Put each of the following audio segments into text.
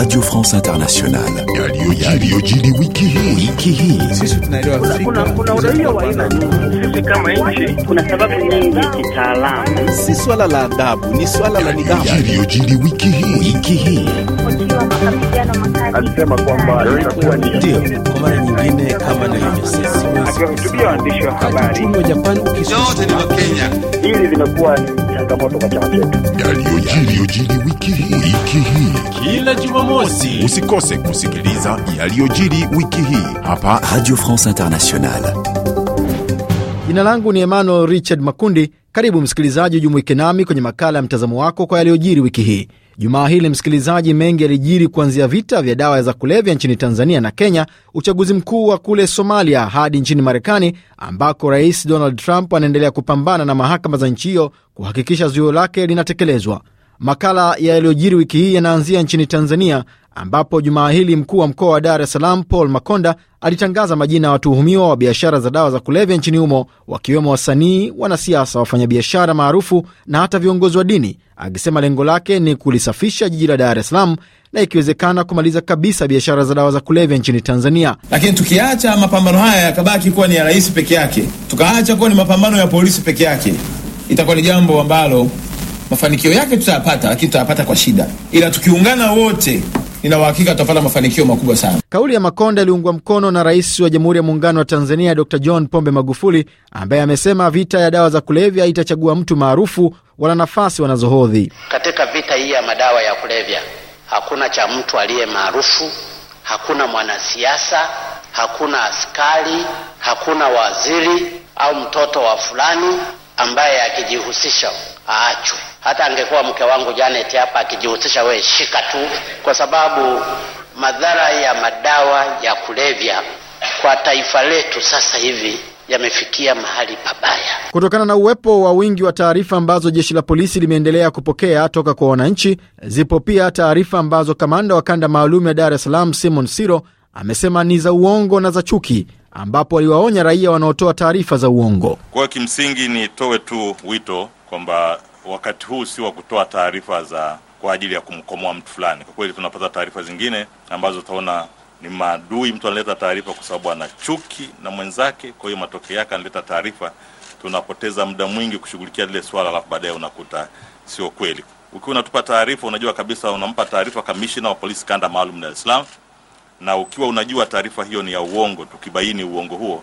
Radio France Internationale. Si swala la adabu, ni swala la nidhamu. wiki hii. kwa mara nyingine kama na UNICEF. wa Hili limekuwa changamoto kwa chama chetu. Yaliyojiri wiki hii wiki hii kila Jumamosi, usikose kusikiliza yaliyojiri wiki hii hapa Radio France Internationale. Jina langu ni Emmanuel Richard Makundi. Karibu msikilizaji, ujumuike nami kwenye makala ya mtazamo wako kwa yaliyojiri wiki hii. Jumaa hili msikilizaji, mengi yalijiri kuanzia vita vya dawa za kulevya nchini Tanzania na Kenya, uchaguzi mkuu wa kule Somalia hadi nchini Marekani ambako Rais Donald Trump anaendelea kupambana na mahakama za nchi hiyo kuhakikisha zuio lake linatekelezwa. Makala yaliyojiri wiki hii yanaanzia nchini Tanzania, ambapo jumaa hili mkuu wa mkoa wa Dar es Salaam Paul Makonda alitangaza majina ya watuhumiwa wa biashara za dawa za kulevya nchini humo, wakiwemo wasanii, wanasiasa, wafanyabiashara maarufu na hata viongozi wa dini, akisema lengo lake ni kulisafisha jiji la Dar es Salaam na ikiwezekana kumaliza kabisa biashara za dawa za kulevya nchini Tanzania. Lakini tukiacha mapambano haya yakabaki kuwa ni ya rais peke yake, tukaacha kuwa ni mapambano ya polisi peke yake, itakuwa ni jambo ambalo mafanikio yake tutayapata, lakini tutayapata kwa shida, ila tukiungana wote nina uhakika tutapata mafanikio makubwa sana. Kauli ya Makonda iliungwa mkono na Rais wa Jamhuri ya Muungano wa Tanzania Dr John Pombe Magufuli, ambaye amesema vita ya dawa za kulevya itachagua mtu maarufu wala nafasi wanazohodhi katika vita hii ya madawa ya kulevya. Hakuna cha mtu aliye maarufu, hakuna mwanasiasa, hakuna askari, hakuna waziri au mtoto wa fulani ambaye akijihusisha aachwe. Hata angekuwa mke wangu Janet hapa akijihusisha, wewe shika tu, kwa sababu madhara ya madawa ya kulevya kwa taifa letu sasa hivi yamefikia mahali pabaya. Kutokana na uwepo wa wingi wa taarifa ambazo jeshi la polisi limeendelea kupokea toka kwa wananchi, zipo pia taarifa ambazo kamanda wa kanda maalum ya Dar es Salaam Simon Siro amesema ni za uongo na za chuki, ambapo aliwaonya raia wanaotoa taarifa za uongo. Kwa kimsingi, nitoe tu wito kwamba wakati huu si wa kutoa taarifa za kwa ajili ya kumkomoa mtu fulani. Kwa kweli tunapata taarifa zingine ambazo utaona ni maadui, mtu analeta taarifa kwa sababu ana chuki na mwenzake, kwa hiyo matokeo yake analeta taarifa. Tunapoteza muda mwingi kushughulikia lile swala, alafu baadaye unakuta sio kweli. Ukiwa unatupa taarifa, unajua kabisa unampa taarifa kamishina wa polisi kanda maalum Dar es Salaam, na ukiwa unajua taarifa hiyo ni ya uongo, tukibaini uongo huo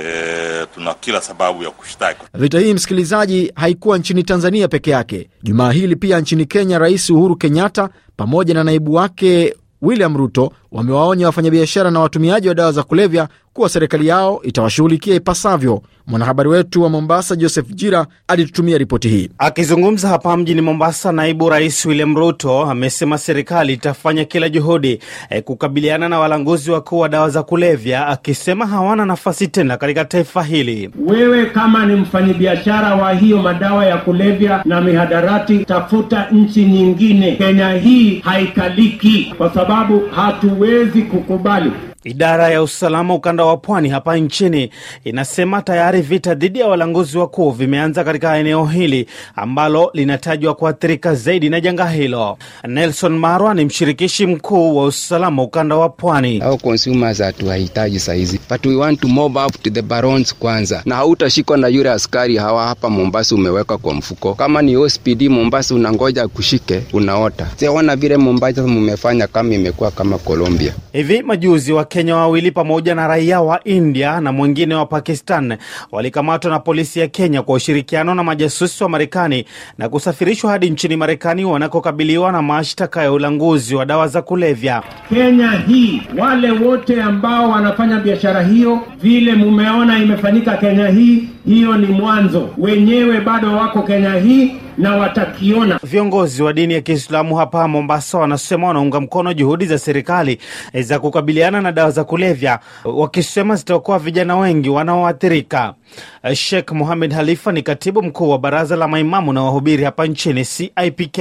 E, tuna kila sababu ya kushtaki. Vita hii msikilizaji, haikuwa nchini Tanzania peke yake. Jumaa hili pia nchini Kenya, Rais Uhuru Kenyatta pamoja na naibu wake William Ruto wamewaonya wafanyabiashara na watumiaji wa dawa za kulevya kuwa serikali yao itawashughulikia ipasavyo. Mwanahabari wetu wa Mombasa, Joseph Jira, alitutumia ripoti hii. Akizungumza hapa mjini Mombasa, naibu rais William Ruto amesema serikali itafanya kila juhudi eh, kukabiliana na walanguzi wakuu wa dawa za kulevya, akisema hawana nafasi tena katika taifa hili. Wewe kama ni mfanyabiashara wa hiyo madawa ya kulevya na mihadarati, tafuta nchi nyingine. Kenya hii haikaliki, kwa sababu hatu o kukubali Idara ya usalama ukanda wa pwani hapa nchini inasema tayari vita dhidi ya walanguzi wakuu vimeanza katika eneo hili ambalo linatajwa kuathirika zaidi na janga hilo. Nelson Marwa ni mshirikishi mkuu wa usalama ukanda wa pwani. Au consumers hatuwahitaji sahizi, but we want to up to the barons kwanza, na hautashikwa na yule askari hawa hapa Mombasa umeweka kwa mfuko. Kama ni OSPD Mombasa unangoja kushike, unaota siaona vile Mombasa mumefanya kama imekuwa kama Colombia hivi majuzi wa Wakenya wawili pamoja na raia wa India na mwingine wa Pakistan walikamatwa na polisi ya Kenya kwa ushirikiano na majasusi wa Marekani na kusafirishwa hadi nchini Marekani wanakokabiliwa na mashtaka ya ulanguzi wa dawa za kulevya. Kenya hii, wale wote ambao wanafanya biashara hiyo, vile mumeona imefanyika Kenya hii hiyo ni mwanzo, wenyewe bado wako Kenya hii na watakiona. Viongozi wa dini ya Kiislamu hapa Mombasa wanasema wanaunga mkono juhudi za serikali eh, za kukabiliana na dawa za kulevya, wakisema zitaokoa vijana wengi wanaoathirika. Eh, Sheikh Mohamed Halifa ni katibu mkuu wa baraza la maimamu na wahubiri hapa nchini CIPK.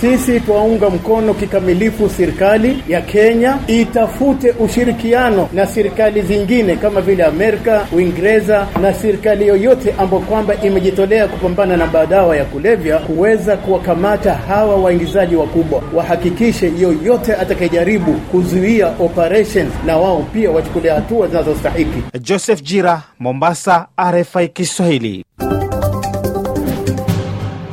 Sisi twaunga mkono kikamilifu serikali ya Kenya itafute ushirikiano na serikali zingine kama vile Amerika, Uingereza na serikali yoyote ambayo kwamba imejitolea kupambana na madawa ya kulevya kuweza kuwakamata hawa waingizaji wakubwa. Wahakikishe yoyote atakayejaribu kuzuia operation na wao pia wachukulia hatua zinazostahiki. Joseph Jira, Mombasa, RFI Kiswahili.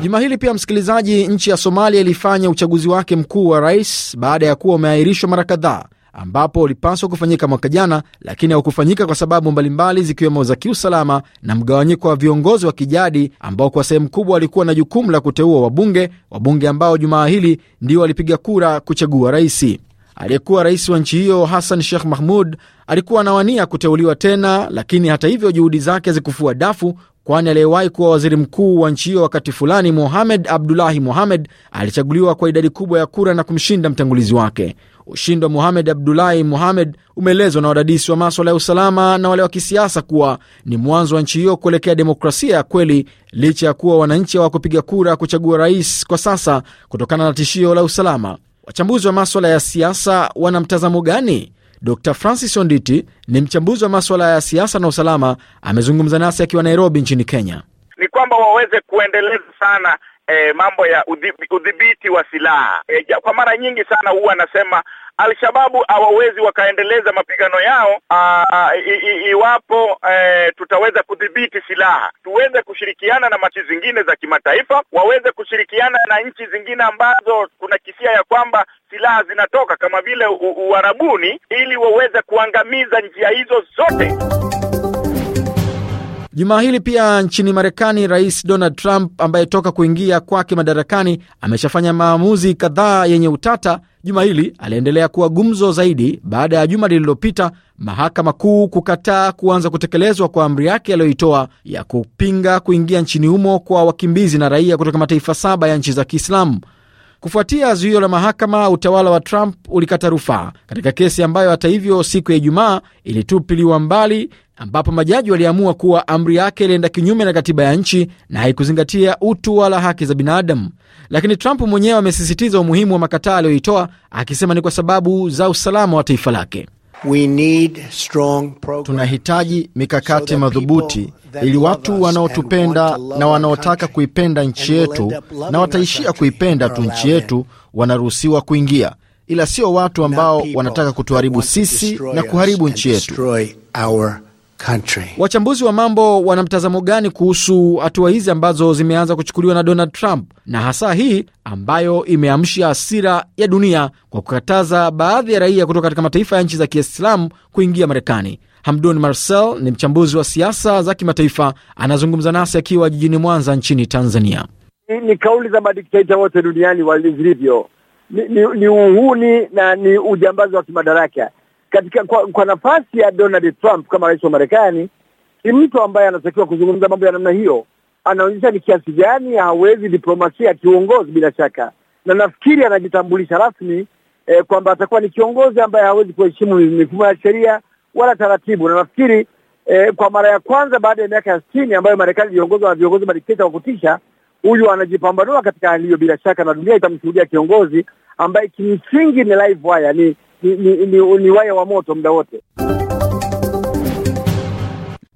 Juma hili pia, msikilizaji, nchi ya Somalia ilifanya uchaguzi wake mkuu wa rais baada ya kuwa umeahirishwa mara kadhaa, ambapo ulipaswa kufanyika mwaka jana, lakini haukufanyika kwa sababu mbalimbali zikiwemo za kiusalama na mgawanyiko wa viongozi wa kijadi ambao kwa sehemu kubwa walikuwa na jukumu la kuteua wabunge, wabunge ambao jumaa hili ndio walipiga kura kuchagua rais Aliyekuwa rais wa nchi hiyo Hassan Sheikh Mahmud alikuwa anawania kuteuliwa tena, lakini hata hivyo juhudi zake zikufua dafu kwani aliyewahi kuwa waziri mkuu wa nchi hiyo wakati fulani Mohamed Abdullahi Mohamed alichaguliwa kwa idadi kubwa ya kura na kumshinda mtangulizi wake. Ushindi wa Mohamed Abdullahi Mohamed umeelezwa na wadadisi wa maswala ya usalama na wale wa kisiasa kuwa ni mwanzo wa nchi hiyo kuelekea demokrasia ya kweli, licha ya kuwa wananchi hawakupiga kura kuchagua rais kwa sasa kutokana na tishio la usalama. Wachambuzi wa maswala ya siasa wana mtazamo gani? Dr Francis Onditi ni mchambuzi wa maswala ya siasa na usalama, amezungumza nasi akiwa Nairobi nchini Kenya. Ni kwamba waweze kuendeleza sana eh, mambo ya udhibiti wa silaha eh, ja, kwa mara nyingi sana huwa anasema Alshababu hawawezi wakaendeleza mapigano yao i, i, iwapo e, tutaweza kudhibiti silaha, tuweze kushirikiana na nchi zingine za kimataifa, waweze kushirikiana na nchi zingine ambazo kuna kisia ya kwamba silaha zinatoka kama vile Uarabuni, ili waweze kuangamiza njia hizo zote. Jumaa hili pia nchini Marekani, Rais Donald Trump ambaye toka kuingia kwake madarakani ameshafanya maamuzi kadhaa yenye utata, juma hili aliendelea kuwa gumzo zaidi baada ya juma lililopita mahakama kuu kukataa kuanza kutekelezwa kwa amri yake aliyoitoa ya kupinga kuingia nchini humo kwa wakimbizi na raia kutoka mataifa saba ya nchi za Kiislamu. Kufuatia zuio la mahakama, utawala wa Trump ulikata rufaa katika kesi ambayo hata hivyo siku ya Ijumaa ilitupiliwa mbali ambapo majaji waliamua kuwa amri yake ilienda kinyume na katiba ya nchi na haikuzingatia utu wala haki za binadamu. Lakini Trump mwenyewe amesisitiza umuhimu wa makataa aliyoitoa akisema ni kwa sababu za usalama wa taifa lake. We need strong program, tunahitaji mikakati so madhubuti ili watu wanaotupenda na wanaotaka kuipenda nchi yetu na wataishia kuipenda tu nchi yetu wanaruhusiwa kuingia, ila sio watu ambao wanataka kutuharibu sisi na kuharibu nchi yetu country. Wachambuzi wa mambo wana mtazamo gani kuhusu hatua hizi ambazo zimeanza kuchukuliwa na Donald Trump na hasa hii ambayo imeamsha hasira ya dunia kwa kukataza baadhi ya raia kutoka katika mataifa ya nchi za Kiislamu kuingia Marekani? Hamdun Marcel ni mchambuzi wa siasa za kimataifa, anazungumza nasi akiwa jijini Mwanza nchini Tanzania. Ni, ni kauli za madikteta wote duniani zilivyo, ni, ni, ni uhuni na ni ujambazi wa kimadaraka katika kwa, kwa nafasi ya Donald Trump kama rais wa Marekani, si mtu ambaye anatakiwa kuzungumza mambo ya namna hiyo. Anaonyesha ni kiasi gani hawezi diplomasia ya kiuongozi bila shaka, na nafikiri anajitambulisha rasmi eh, kwamba atakuwa ni kiongozi ambaye hawezi kuheshimu mifumo ya sheria wala taratibu, na nafikiri eh, kwa mara ya kwanza baada ya miaka ya sitini ambayo Marekani iliongozwa na viongozi madikteta wa kutisha, huyu anajipambanua katika hali hiyo bila shaka, na dunia itamshuhudia kiongozi ambaye kimsingi ni live wire, ni ni, ni, ni, ni waya wa moto muda wote.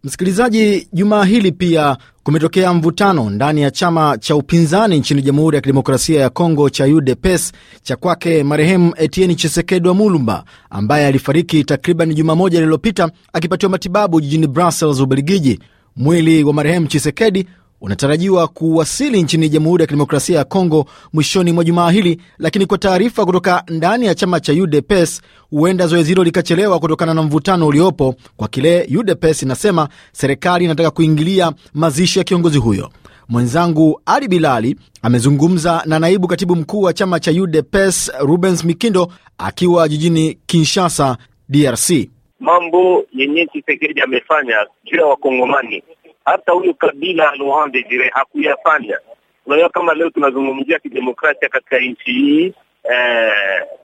Msikilizaji, jumaa hili pia kumetokea mvutano ndani ya chama cha upinzani nchini Jamhuri ya Kidemokrasia ya Kongo cha UDPS cha kwake marehemu Etienne Chisekedi wa Mulumba ambaye alifariki takriban juma moja lililopita akipatiwa matibabu jijini Brussels, Ubelgiji. Mwili wa marehemu chisekedi unatarajiwa kuwasili nchini Jamhuri ya Kidemokrasia ya Kongo mwishoni mwa jumaa hili, lakini kwa taarifa kutoka ndani ya chama cha UDPS huenda zoezi hilo likachelewa kutokana na mvutano uliopo kwa kile UDPS inasema serikali inataka kuingilia mazishi ya kiongozi huyo. Mwenzangu Ali Bilali amezungumza na naibu katibu mkuu wa chama cha UDPS Rubens Mikindo akiwa jijini Kinshasa, DRC. Mambo yenye Tshisekedi amefanya juu ya wakongomani hata huyo Kabila Laurent Desire hakuyafanya. Unajua, kama leo tunazungumzia kidemokrasia katika nchi hii eh,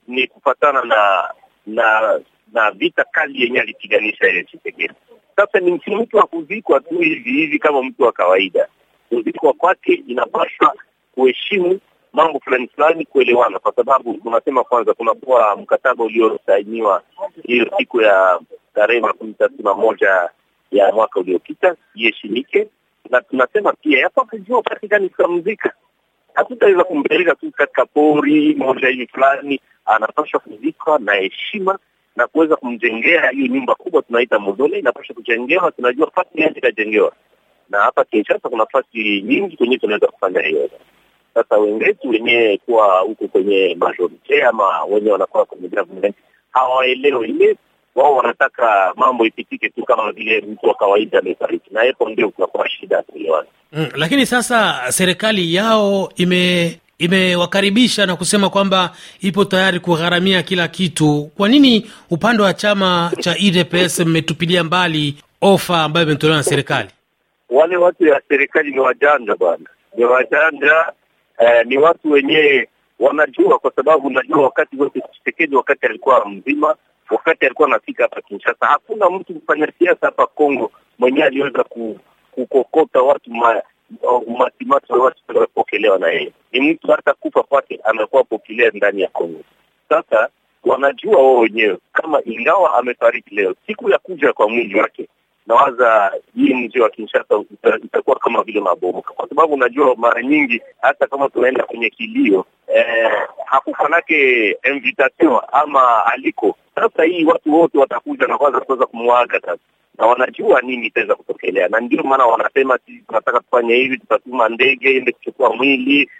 ni kufatana na na na vita kali yenye alipiganisha ile Tshisekedi. Sasa ni mtu mtu kuzikwa tu hivi hivi kama mtu wa kawaida. Kuzikwa kwake inapaswa kuheshimu mambo fulani fulani, kuelewana, kwa sababu unasema kwanza kunakuwa mkataba uliosainiwa hiyo siku ya tarehe makumi tatu na moja ya mwaka uliopita iheshimike, na tunasema pia ya kwamba tutamzika. Hatutaweza kumpeleka tu katika pori moja hivi fulani, anapashwa kuzikwa na heshima na kuweza kumjengea hiyo nyumba kubwa tunaita mozole, inapaswa kujengewa. Tunajua fasi yake itajengewa, na hapa Kinshasa kuna fasi nyingi kwenyewe tunaweza kufanya hiyo. Sasa wenzetu wenyewe kuwa huko kwenye majorite ama wenye wanakuwa kwenye government hawaelewi ile wao wanataka mambo ipitike tu kama vile mtu wa kawaida amefariki, na hapo ndio kunakuwa shida ya kuelewana. Mm, lakini sasa serikali yao ime imewakaribisha na kusema kwamba ipo tayari kugharamia kila kitu. Kwa nini upande wa chama cha UDPS mmetupilia mbali ofa ambayo imetolewa na serikali? Wale watu ya serikali ni wajanja bwana, ni wajanja eh, ni watu wenyewe wanajua, kwa sababu unajua wakati wote Tshisekedi wakati alikuwa mzima wakati alikuwa anafika hapa Kinshasa. Hakuna mtu mfanya siasa hapa Kongo mwenyewe aliweza ku, kukokota watu umatimati wa watu waliopokelewa na yeye. Ni mtu hata kufa kwake amekuwa pokelea ndani ya Kongo. Sasa wanajua wao wenyewe kama ingawa amefariki leo, siku ya kuja kwa mwili wake nawaza hii mji wa Kinshasa itakuwa kama vile mabomoka, kwa sababu unajua mara nyingi hata kama tunaenda kwenye kilio eh, hakufanake invitation ama aliko. Sasa hii watu wote watakuja na kwanza kuweza kumwaga sasa na wanajua nini itaweza kutokelea, na ndio maana wanasema sisi tunataka kufanya hivi, tutatuma ndege ende kuchukua mwili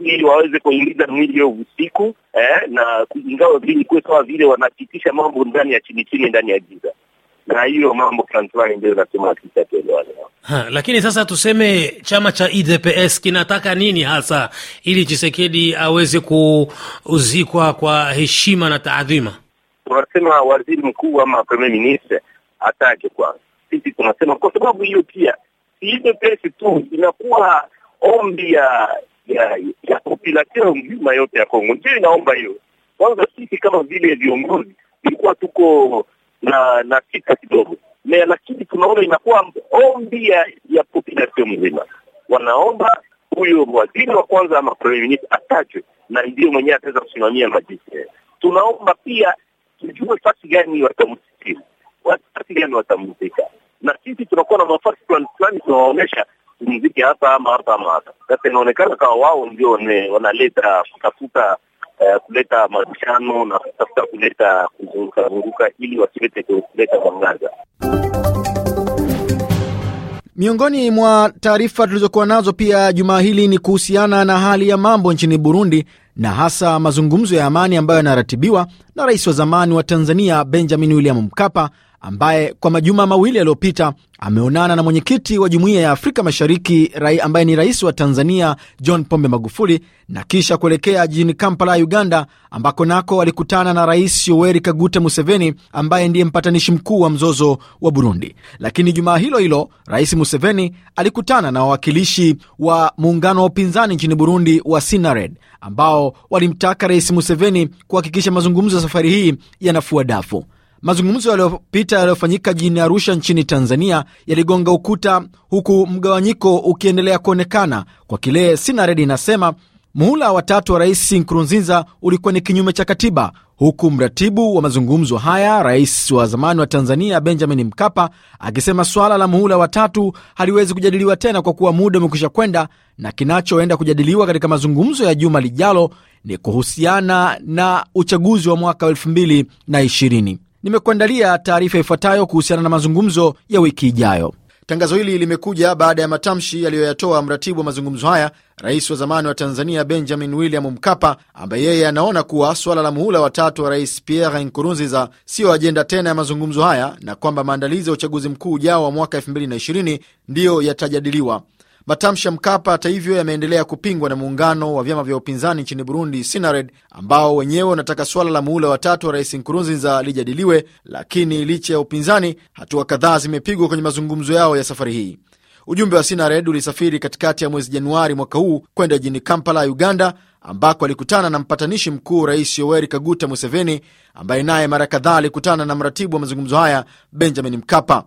ili waweze kuingiza mwili hiyo usiku eh, na ingawa vile kuwe vile wanapitisha mambo ndani ya chini chini, ndani ya giza na hiyo mambo Francois ndio nasema akishakielewana. Lakini sasa tuseme chama cha UDPS kinataka nini hasa ili Chisekedi aweze kuzikwa kwa heshima na taadhima? Tunasema waziri mkuu ama premier minister atake kwanza, sisi tunasema kwa sababu hiyo pia si UDPS tu, inakuwa ombi ya ya, ya population yote ya Kongo, ndio inaomba hiyo. Kwanza sisi kama vile viongozi tulikuwa tuko na na sita kidogo, lakini tunaona inakuwa ombi ya population mzima, wanaomba huyo waziri wa kwanza ama prime minister atajwe na ndiyo mwenyewe ataweza kusimamia majeshi. Tunaomba pia tujue fasi gani watamsikia, fasi gani watamzika, na sisi tunakuwa na mafasi fulani fulani tunawaonyesha mziki hapa ama hapa ama hapa. Sasa inaonekana kama wao ndio wanaleta kutafuta uh, kuleta mabishano na kutafuta kuleta kuzungukazunguka ili wasiwete kuleta mwangaza. Miongoni mwa taarifa tulizokuwa nazo pia jumaa hili ni kuhusiana na hali ya mambo nchini Burundi na hasa mazungumzo ya amani ambayo yanaratibiwa na rais wa zamani wa Tanzania Benjamin William Mkapa ambaye kwa majuma mawili yaliyopita ameonana na mwenyekiti wa jumuiya ya Afrika Mashariki rai ambaye ni rais wa Tanzania John Pombe Magufuli na kisha kuelekea jijini Kampala ya Uganda, ambako nako alikutana na Rais Yoweri Kaguta Museveni ambaye ndiye mpatanishi mkuu wa mzozo wa Burundi. Lakini jumaa hilo hilo Rais Museveni alikutana na wawakilishi wa muungano wa upinzani nchini Burundi wa Sinared ambao walimtaka Rais Museveni kuhakikisha mazungumzo ya safari hii yanafua dafu. Mazungumzo yaliyopita yaliyofanyika jijini Arusha nchini Tanzania yaligonga ukuta, huku mgawanyiko ukiendelea kuonekana kwa kile Sinared inasema muhula wa tatu wa Rais Nkurunziza ulikuwa ni kinyume cha katiba, huku mratibu wa mazungumzo haya, rais wa zamani wa Tanzania Benjamin Mkapa, akisema suala la muhula wa tatu haliwezi kujadiliwa tena kwa kuwa muda umekwisha kwenda, na kinachoenda kujadiliwa katika mazungumzo ya juma lijalo ni kuhusiana na uchaguzi wa mwaka 220 nimekuandalia taarifa ifuatayo kuhusiana na mazungumzo ya wiki ijayo. Tangazo hili limekuja baada ya matamshi yaliyoyatoa mratibu wa mazungumzo haya, rais wa zamani wa Tanzania Benjamin William Mkapa, ambaye yeye anaona kuwa suala la muhula watatu wa rais Pierre Nkurunziza siyo ajenda tena ya mazungumzo haya na kwamba maandalizi ya uchaguzi mkuu ujao wa mwaka 2020 ndiyo yatajadiliwa. Matamshi ya Mkapa hata hivyo yameendelea kupingwa na muungano wa vyama vya upinzani nchini Burundi, Sinared, ambao wenyewe wanataka suala la muhula watatu wa rais Nkurunziza lijadiliwe, lakini licha ya upinzani, hatua kadhaa zimepigwa kwenye mazungumzo yao ya safari hii. Ujumbe wa Sinared ulisafiri katikati ya mwezi Januari mwaka huu kwenda jijini Kampala, Uganda, ambako alikutana na mpatanishi mkuu Rais Yoweri Kaguta Museveni, ambaye naye mara kadhaa alikutana na mratibu wa mazungumzo haya Benjamin Mkapa.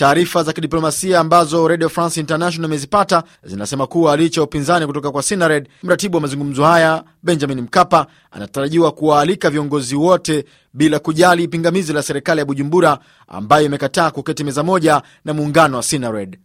Taarifa za kidiplomasia ambazo Radio France International imezipata zinasema kuwa licha ya upinzani kutoka kwa Sinared, mratibu wa mazungumzo haya Benjamin Mkapa anatarajiwa kuwaalika viongozi wote bila kujali pingamizi la serikali ya Bujumbura ambayo imekataa kuketi meza moja na muungano wa Sinared.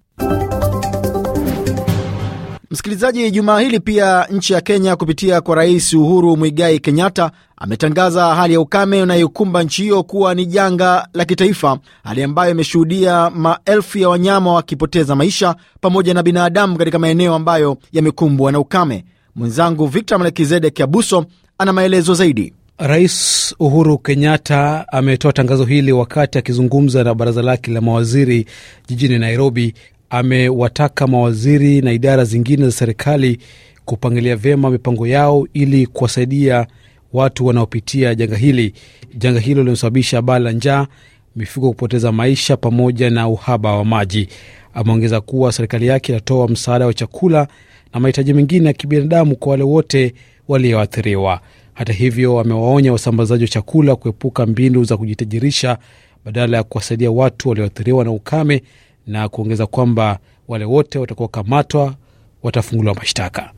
Msikilizaji, jumaa hili pia nchi ya Kenya kupitia kwa Rais Uhuru Muigai Kenyatta ametangaza hali ya ukame inayokumba nchi hiyo kuwa ni janga la kitaifa, hali ambayo imeshuhudia maelfu ya wanyama wakipoteza maisha pamoja na binadamu katika maeneo ambayo yamekumbwa na ukame. Mwenzangu Victor Melkizedek Abuso ana maelezo zaidi. Rais Uhuru Kenyatta ametoa tangazo hili wakati akizungumza na baraza lake la mawaziri jijini Nairobi, amewataka mawaziri na idara zingine za serikali kupangilia vyema mipango yao ili kuwasaidia watu wanaopitia janga hili, janga hilo linasababisha baa la njaa, mifugo kupoteza maisha pamoja na uhaba wa maji. Ameongeza kuwa serikali yake inatoa msaada wa chakula na mahitaji mengine ya kibinadamu kwa wale wote walioathiriwa. Hata hivyo, amewaonya wasambazaji wa chakula kuepuka mbinu za kujitajirisha badala ya kuwasaidia watu walioathiriwa na ukame na kuongeza kwamba wale wote watakuwa kamatwa watafunguliwa mashtaka.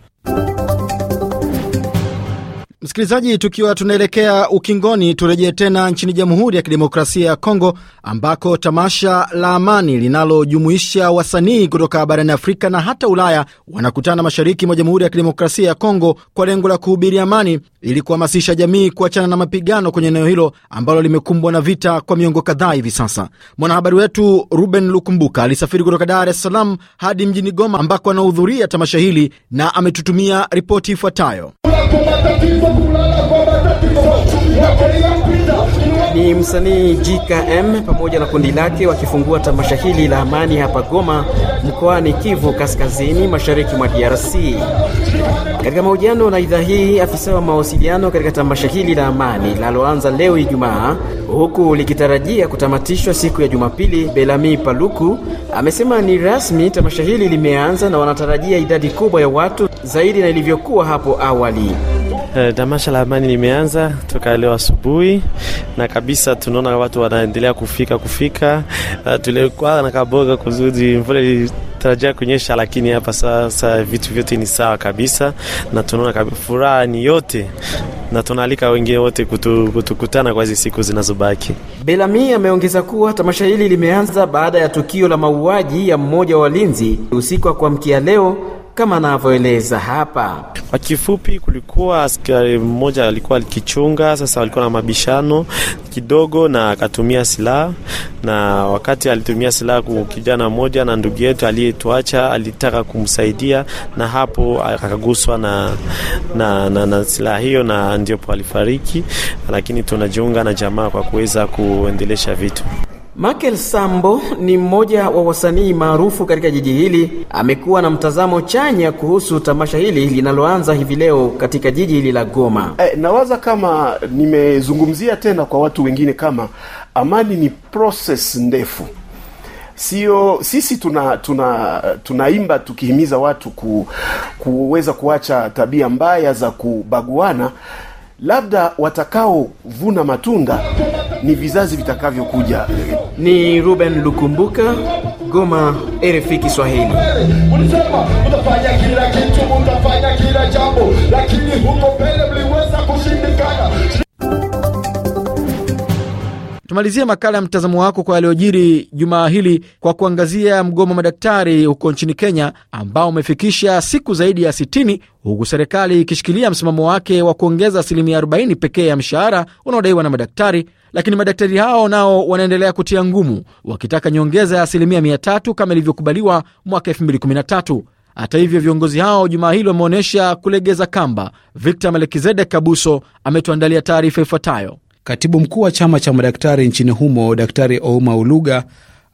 Msikilizaji, tukiwa tunaelekea ukingoni, turejee tena nchini Jamhuri ya Kidemokrasia ya Kongo ambako tamasha la amani linalojumuisha wasanii kutoka barani Afrika na hata Ulaya wanakutana mashariki mwa Jamhuri ya Kidemokrasia ya Kongo kwa lengo la kuhubiri amani ili kuhamasisha jamii kuachana na mapigano kwenye eneo hilo ambalo limekumbwa na vita kwa miongo kadhaa hivi sasa. Mwanahabari wetu Ruben Lukumbuka alisafiri kutoka Dar es Salaam hadi mjini Goma ambako anahudhuria tamasha hili na ametutumia ripoti ifuatayo. Ni msanii GKM pamoja na kundi lake wakifungua tamasha hili la amani hapa Goma mkoani Kivu Kaskazini, mashariki mwa DRC. Katika mahojiano na idhaa hii, afisa wa mawasiliano katika tamasha hili la amani linaloanza leo Ijumaa, huku likitarajia kutamatishwa siku ya Jumapili, Belami Paluku amesema ni rasmi tamasha hili limeanza na wanatarajia idadi kubwa ya watu zaidi na ilivyokuwa hapo awali. Eh, tamasha la amani limeanza toka leo asubuhi na kabisa, tunaona watu wanaendelea kufika kufika. Uh, tulikuwa na kaboga kuzudi mvule tarajia kunyesha, lakini hapa sasa vitu vyote ni sawa kabisa, na tunaona furaha ni yote, na tunaalika wengine wote kutu, kutukutana kwa hizi siku zinazobaki. Belami ameongeza kuwa tamasha hili limeanza baada ya tukio la mauaji ya mmoja wa walinzi usiku wa kuamkia leo kama anavyoeleza hapa. Kwa kifupi, kulikuwa askari mmoja alikuwa alikichunga, sasa walikuwa na mabishano kidogo na akatumia silaha, na wakati alitumia silaha kijana mmoja na ndugu yetu aliyetuacha alitaka kumsaidia, na hapo akaguswa na, na, na, na silaha hiyo, na ndiopo alifariki. Lakini tunajiunga na jamaa kwa kuweza kuendelesha vitu. Michael Sambo ni mmoja wa wasanii maarufu katika jiji hili. Amekuwa na mtazamo chanya kuhusu tamasha hili linaloanza hivi leo katika jiji hili la Goma. Eh, nawaza kama nimezungumzia tena kwa watu wengine kama amani ni process ndefu. Sio sisi tuna tuna tunaimba tukihimiza watu ku, kuweza kuacha tabia mbaya za kubaguana. Labda watakaovuna matunda ni vizazi vitakavyokuja. Ni Ruben Lukumbuka, Goma, RFI Kiswahili. Ulisema utafanya kila kitu, utafanya kila jambo, lakini huko mbele tumalizie makala ya mtazamo wako kwa yaliyojiri jumaa hili kwa kuangazia mgomo wa madaktari huko nchini Kenya ambao umefikisha siku zaidi ya 60 huku serikali ikishikilia msimamo wake wa kuongeza asilimia 40 pekee ya mshahara unaodaiwa na madaktari, lakini madaktari hao nao wanaendelea kutia ngumu wakitaka nyongeza ya asilimia 300 kama ilivyokubaliwa mwaka 2013. Hata hivyo viongozi hao jumaa hili wameonyesha kulegeza kamba. Victor Melekizedek Kabuso ametuandalia taarifa ifuatayo. Katibu mkuu wa chama cha madaktari nchini humo Daktari Ouma Uluga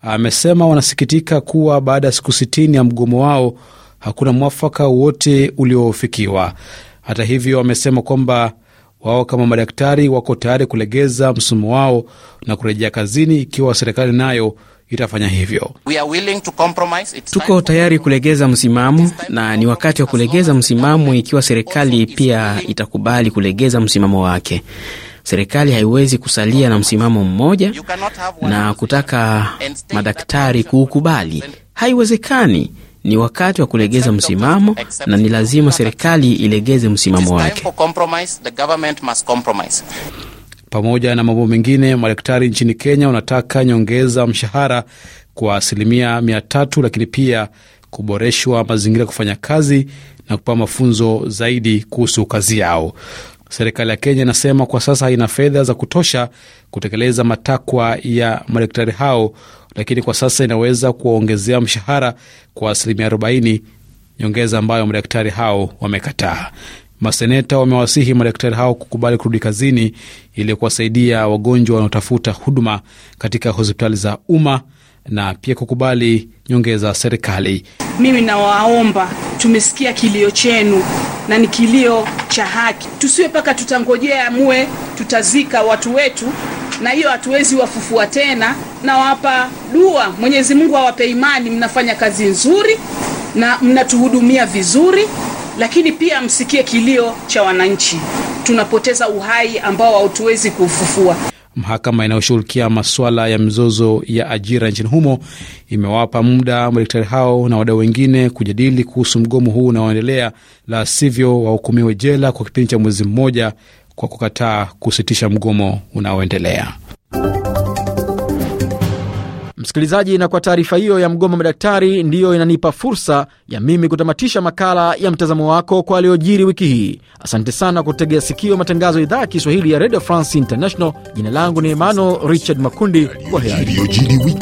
amesema wanasikitika kuwa baada ya siku sitini ya mgomo wao hakuna mwafaka wote uliofikiwa. Hata hivyo, wamesema kwamba wao kama madaktari wako tayari kulegeza msimamo wao na kurejea kazini ikiwa serikali nayo itafanya hivyo. Tuko tayari kulegeza msimamo na ni wakati wa kulegeza msimamo ikiwa serikali pia itakubali kulegeza msimamo wake. Serikali haiwezi kusalia na msimamo mmoja na kutaka madaktari kuukubali, haiwezekani. Ni wakati wa kulegeza msimamo na ni lazima serikali ilegeze msimamo wake. Pamoja na mambo mengine, madaktari nchini Kenya wanataka nyongeza mshahara kwa asilimia mia tatu, lakini pia kuboreshwa mazingira ya kufanya kazi na kupewa mafunzo zaidi kuhusu kazi yao. Serikali ya Kenya inasema kwa sasa haina fedha za kutosha kutekeleza matakwa ya madaktari hao, lakini kwa sasa inaweza kuwaongezea mshahara kwa asilimia 40, nyongeza ambayo madaktari hao wamekataa. Maseneta wamewasihi madaktari hao kukubali kurudi kazini ili kuwasaidia wagonjwa wanaotafuta huduma katika hospitali za umma na pia kukubali nyongeza serikali. Mimi nawaomba, tumesikia kilio chenu na ni kilio cha haki, tusiwe mpaka tutangojea muwe tutazika watu wetu, na hiyo hatuwezi wafufua tena. Nawapa dua Mwenyezi Mungu awape imani. Mnafanya kazi nzuri na mnatuhudumia vizuri, lakini pia msikie kilio cha wananchi. Tunapoteza uhai ambao hatuwezi kufufua. Mahakama inayoshughulikia masuala ya mizozo ya ajira nchini humo imewapa muda madaktari hao na wadau wengine kujadili kuhusu mgomo huu unaoendelea, la sivyo wahukumiwe jela kwa kipindi cha mwezi mmoja kwa kukataa kusitisha mgomo unaoendelea. Msikilizaji, na kwa taarifa hiyo ya mgomo madaktari, ndiyo inanipa fursa ya mimi kutamatisha makala ya mtazamo wako kwa aliyojiri wiki hii. Asante sana kwa kutegea sikio matangazo ya idhaa ya Kiswahili ya Radio France International. Jina langu ni Emmanuel Richard Makundi. Kwa heri.